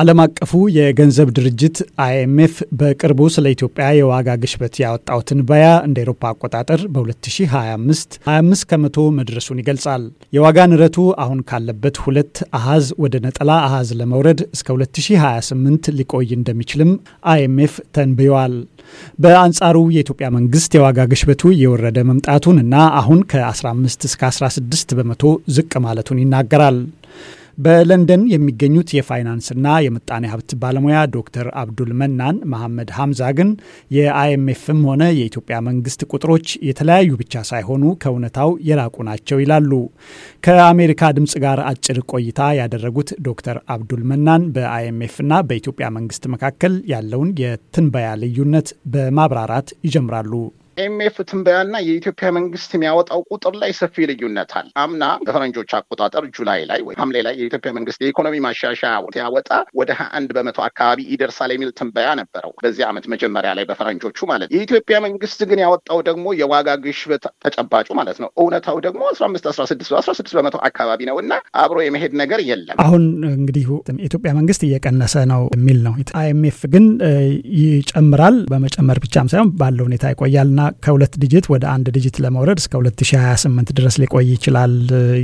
ዓለም አቀፉ የገንዘብ ድርጅት አይኤምኤፍ በቅርቡ ስለ ኢትዮጵያ የዋጋ ግሽበት ያወጣው ትንበያ እንደ ኤሮፓ አቆጣጠር በ2025 25 ከመቶ መድረሱን ይገልጻል። የዋጋ ንረቱ አሁን ካለበት ሁለት አሃዝ ወደ ነጠላ አሃዝ ለመውረድ እስከ 2028 ሊቆይ እንደሚችልም አይኤምኤፍ ተንብየዋል። በአንጻሩ የኢትዮጵያ መንግስት የዋጋ ግሽበቱ እየወረደ መምጣቱን እና አሁን ከ15 እስከ 16 በመቶ ዝቅ ማለቱን ይናገራል። በለንደን የሚገኙት የፋይናንስና የምጣኔ ሀብት ባለሙያ ዶክተር አብዱል መናን መሐመድ ሀምዛ ግን የአይኤምኤፍም ሆነ የኢትዮጵያ መንግስት ቁጥሮች የተለያዩ ብቻ ሳይሆኑ ከእውነታው የራቁ ናቸው ይላሉ። ከአሜሪካ ድምፅ ጋር አጭር ቆይታ ያደረጉት ዶክተር አብዱል መናን በአይኤምኤፍና በኢትዮጵያ መንግስት መካከል ያለውን የትንበያ ልዩነት በማብራራት ይጀምራሉ። ኤምኤፍ ትንበያና የኢትዮጵያ መንግስት የሚያወጣው ቁጥር ላይ ሰፊ ልዩነት አለ። አምና በፈረንጆች አቆጣጠር ጁላይ ላይ ወይ ሐምሌ ላይ የኢትዮጵያ መንግስት የኢኮኖሚ ማሻሻያ ሲያወጣ ወደ ሀያ አንድ በመቶ አካባቢ ይደርሳል የሚል ትንበያ ነበረው በዚህ ዓመት መጀመሪያ ላይ በፈረንጆቹ ማለት ነው። የኢትዮጵያ መንግስት ግን ያወጣው ደግሞ የዋጋ ግሽበት ተጨባጩ ማለት ነው እውነታው ደግሞ አስራ አምስት አስራ ስድስት አስራ ስድስት በመቶ አካባቢ ነው እና አብሮ የመሄድ ነገር የለም። አሁን እንግዲህ የኢትዮጵያ መንግስት እየቀነሰ ነው የሚል ነው። አይኤምኤፍ ግን ይጨምራል። በመጨመር ብቻም ሳይሆን ባለው ሁኔታ ይቆያልና ከሁለት ድጅት ወደ አንድ ድጅት ለመውረድ እስከ 2028 ድረስ ሊቆይ ይችላል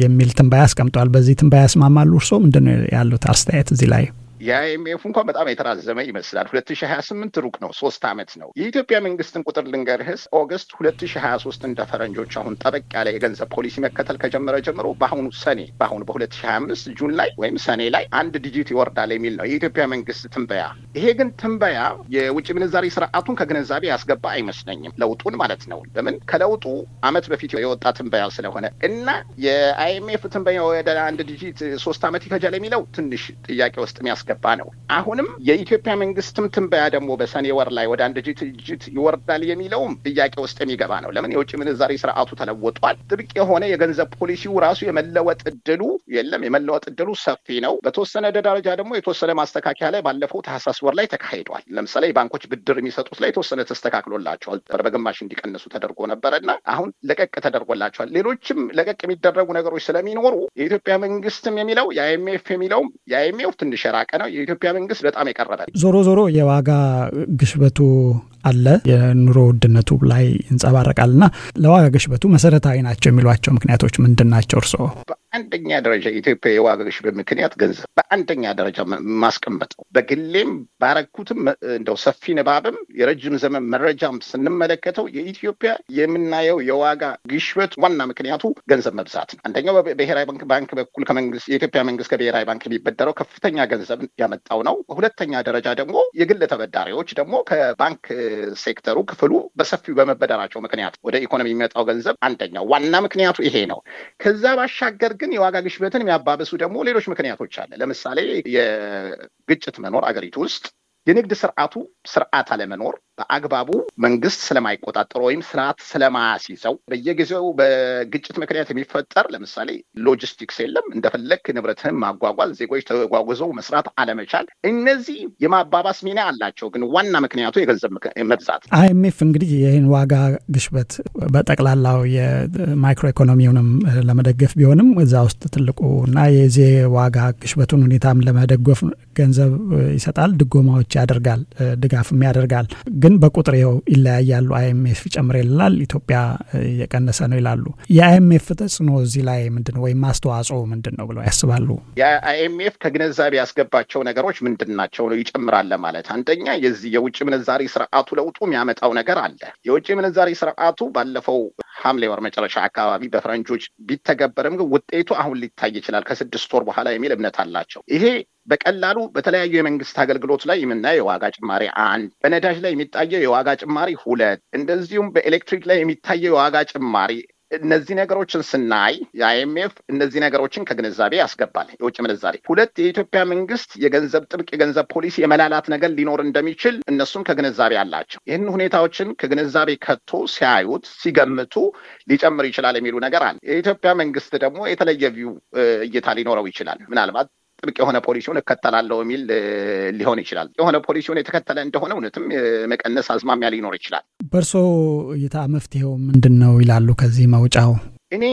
የሚል ትንባያ አስቀምጧል። በዚህ ትንባያ ያስማማሉ? እርስዎ ምንድን ነው ያሉት አስተያየት እዚህ ላይ? የአይኤምኤፍ እንኳን በጣም የተራዘመ ይመስላል። 2028 ሩቅ ነው፣ ሶስት ዓመት ነው። የኢትዮጵያ መንግስትን ቁጥር ልንገርህስ ኦገስት 2023 እንደ ፈረንጆች አሁን ጠበቅ ያለ የገንዘብ ፖሊሲ መከተል ከጀመረ ጀምሮ በአሁኑ ሰኔ በአሁኑ በ2025 ጁን ላይ ወይም ሰኔ ላይ አንድ ዲጂት ይወርዳል የሚል ነው የኢትዮጵያ መንግስት ትንበያ። ይሄ ግን ትንበያ የውጭ ምንዛሪ ስርዓቱን ከግንዛቤ ያስገባ አይመስለኝም፣ ለውጡን ማለት ነው። ለምን ከለውጡ አመት በፊት የወጣ ትንበያ ስለሆነ እና የአይኤምኤፍ ትንበያ ወደ አንድ ዲጂት ሶስት ዓመት ይፈጃል የሚለው ትንሽ ጥያቄ ውስጥ የሚያስገ የሚገባ ነው። አሁንም የኢትዮጵያ መንግስትም ትንበያ ደግሞ በሰኔ ወር ላይ ወደ አንድ ጅት ይወርዳል የሚለውም ጥያቄ ውስጥ የሚገባ ነው። ለምን የውጭ ምንዛሬ ስርዓቱ ተለወጧል። ጥብቅ የሆነ የገንዘብ ፖሊሲው ራሱ የመለወጥ እድሉ የለም። የመለወጥ እድሉ ሰፊ ነው። በተወሰነ ደረጃ ደግሞ የተወሰነ ማስተካከያ ላይ ባለፈው ታህሳስ ወር ላይ ተካሂዷል። ለምሳሌ ባንኮች ብድር የሚሰጡት ላይ የተወሰነ ተስተካክሎላቸዋል። በግማሽ እንዲቀንሱ ተደርጎ ነበረና አሁን ለቀቅ ተደርጎላቸዋል። ሌሎችም ለቀቅ የሚደረጉ ነገሮች ስለሚኖሩ የኢትዮጵያ መንግስትም የሚለው የአይኤምኤፍ የሚለውም የአይኤምኤፍ ትንሽ የራቀ ነው የኢትዮጵያ መንግስት በጣም የቀረበ ዞሮ ዞሮ የዋጋ ግሽበቱ አለ የኑሮ ውድነቱ ላይ ይንጸባረቃል። እና ለዋጋ ግሽበቱ መሰረታዊ ናቸው የሚሏቸው ምክንያቶች ምንድን ናቸው እርስዎ? አንደኛ ደረጃ ኢትዮጵያ የዋጋ ግሽበት ምክንያት ገንዘብ በአንደኛ ደረጃ ማስቀመጥ በግሌም ባረኩትም እንደው ሰፊ ንባብም የረጅም ዘመን መረጃም ስንመለከተው የኢትዮጵያ የምናየው የዋጋ ግሽበት ዋና ምክንያቱ ገንዘብ መብዛት ነው። አንደኛው በብሔራዊ ባንክ ባንክ በኩል ከመንግስት የኢትዮጵያ መንግስት ከብሔራዊ ባንክ የሚበደረው ከፍተኛ ገንዘብ ያመጣው ነው። በሁለተኛ ደረጃ ደግሞ የግል ተበዳሪዎች ደግሞ ከባንክ ሴክተሩ ክፍሉ በሰፊው በመበደራቸው ምክንያት ወደ ኢኮኖሚ የሚመጣው ገንዘብ አንደኛው ዋና ምክንያቱ ይሄ ነው። ከዛ ባሻገር ግን የዋጋ ግሽበትን የሚያባብሱ ደግሞ ሌሎች ምክንያቶች አለ። ለምሳሌ የግጭት መኖር አገሪቱ ውስጥ የንግድ ስርዓቱ ስርዓት አለመኖር በአግባቡ መንግስት ስለማይቆጣጠር ወይም ስርዓት ስለማያስይዘው በየጊዜው በግጭት ምክንያት የሚፈጠር ለምሳሌ ሎጂስቲክስ የለም፣ እንደፈለግ ንብረትህን ማጓጓዝ፣ ዜጎች ተጓጉዘው መስራት አለመቻል፣ እነዚህ የማባባስ ሚና አላቸው። ግን ዋና ምክንያቱ የገንዘብ መብዛት። አይኤምኤፍ እንግዲህ ይህን ዋጋ ግሽበት በጠቅላላው የማይክሮ ኢኮኖሚውንም ለመደገፍ ቢሆንም እዛ ውስጥ ትልቁ እና የዚህ ዋጋ ግሽበቱን ሁኔታም ለመደጎፍ ገንዘብ ይሰጣል፣ ድጎማዎች ድጋፎች ያደርጋል ድጋፍም ያደርጋል። ግን በቁጥር ይኸው ይለያያሉ። አይኤምኤፍ ጨምር ይልናል፣ ኢትዮጵያ የቀነሰ ነው ይላሉ። የአይኤምኤፍ ተጽዕኖ እዚህ ላይ ምንድን ነው ወይም አስተዋጽኦ ምንድን ነው ብለው ያስባሉ? የአይኤምኤፍ ከግንዛቤ ያስገባቸው ነገሮች ምንድን ናቸው ነው ይጨምራለ ማለት አንደኛ የዚህ የውጭ ምንዛሪ ስርዓቱ ለውጡ የሚያመጣው ነገር አለ። የውጭ ምንዛሪ ስርዓቱ ባለፈው ሐምሌ ወር መጨረሻ አካባቢ በፈረንጆች ቢተገበርም ግን ውጤቱ አሁን ሊታይ ይችላል ከስድስት ወር በኋላ የሚል እምነት አላቸው። ይሄ በቀላሉ በተለያዩ የመንግስት አገልግሎት ላይ የምናየው የዋጋ ጭማሪ አንድ፣ በነዳጅ ላይ የሚታየው የዋጋ ጭማሪ ሁለት፣ እንደዚሁም በኤሌክትሪክ ላይ የሚታየው የዋጋ ጭማሪ እነዚህ ነገሮችን ስናይ የአይኤምኤፍ እነዚህ ነገሮችን ከግንዛቤ ያስገባል። የውጭ ምንዛሬ ሁለት የኢትዮጵያ መንግስት የገንዘብ ጥብቅ የገንዘብ ፖሊሲ የመላላት ነገር ሊኖር እንደሚችል እነሱም ከግንዛቤ አላቸው። ይህን ሁኔታዎችን ከግንዛቤ ከቶ ሲያዩት ሲገምቱ ሊጨምር ይችላል የሚሉ ነገር አለ። የኢትዮጵያ መንግስት ደግሞ የተለየ ቪው እይታ ሊኖረው ይችላል። ምናልባት ጥብቅ የሆነ ፖሊሲውን እከተላለሁ የሚል ሊሆን ይችላል። የሆነ ፖሊሲውን የተከተለ እንደሆነ እውነትም መቀነስ አዝማሚያ ሊኖር ይችላል። በእርሶ እይታ መፍትሄው ምንድን ነው ይላሉ? ከዚህ መውጫው እኔ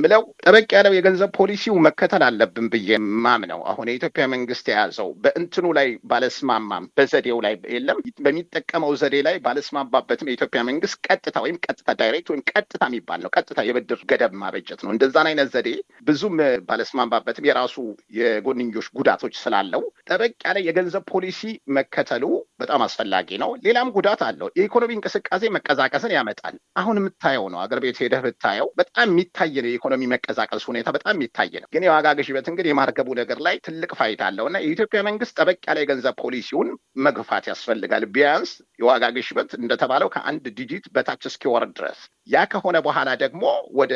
ምለው ጠበቅ ያለው የገንዘብ ፖሊሲው መከተል አለብን ብዬ ማምነው አሁን የኢትዮጵያ መንግስት የያዘው በእንትኑ ላይ ባለስማማም በዘዴው ላይ የለም በሚጠቀመው ዘዴ ላይ ባለስማማበትም የኢትዮጵያ መንግስት ቀጥታ ወይም ቀጥታ ዳይሬክት ወይም ቀጥታ የሚባል ነው። ቀጥታ የብድር ገደብ ማበጀት ነው። እንደዛን አይነት ዘዴ ብዙም ባለስማማበትም የራሱ የጎንኞች ጉዳቶች ስላለው ጠበቅ ያለ የገንዘብ ፖሊሲ መከተሉ በጣም አስፈላጊ ነው። ሌላም ጉዳት አለው። የኢኮኖሚ እንቅስቃሴ መቀዛቀስን ያመጣል። አሁን የምታየው ነው። አገር ቤት ሄደህ ብታየው በጣም የሚታይ ነው። የኢኮኖሚ መቀዛቀስ ሁኔታ በጣም የሚታይ ነው። ግን የዋጋ ግሽበት እንግዲህ የማርገቡ ነገር ላይ ትልቅ ፋይዳ አለው እና የኢትዮጵያ መንግስት ጠበቅ ያለ የገንዘብ ፖሊሲውን መግፋት ያስፈልጋል። ቢያንስ የዋጋ ግሽበት እንደተባለው ከአንድ ዲጂት በታች እስኪወርድ ድረስ ያ ከሆነ በኋላ ደግሞ ወደ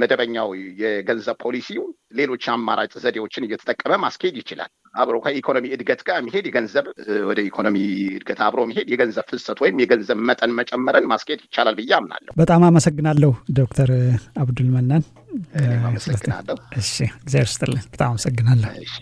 መደበኛው የገንዘብ ፖሊሲው ሌሎች አማራጭ ዘዴዎችን እየተጠቀመ ማስኬድ ይችላል። አብሮ ከኢኮኖሚ እድገት ጋር መሄድ የገንዘብ ወደ ኢኮኖሚ እድገት አብሮ መሄድ የገንዘብ ፍሰት ወይም የገንዘብ መጠን መጨመርን ማስኬድ ይቻላል ብዬ አምናለሁ። በጣም አመሰግናለሁ ዶክተር አብዱል መናን። አመሰግናለሁ። እሺ፣ እግዚአብሔር ይስጥልን። በጣም አመሰግናለሁ።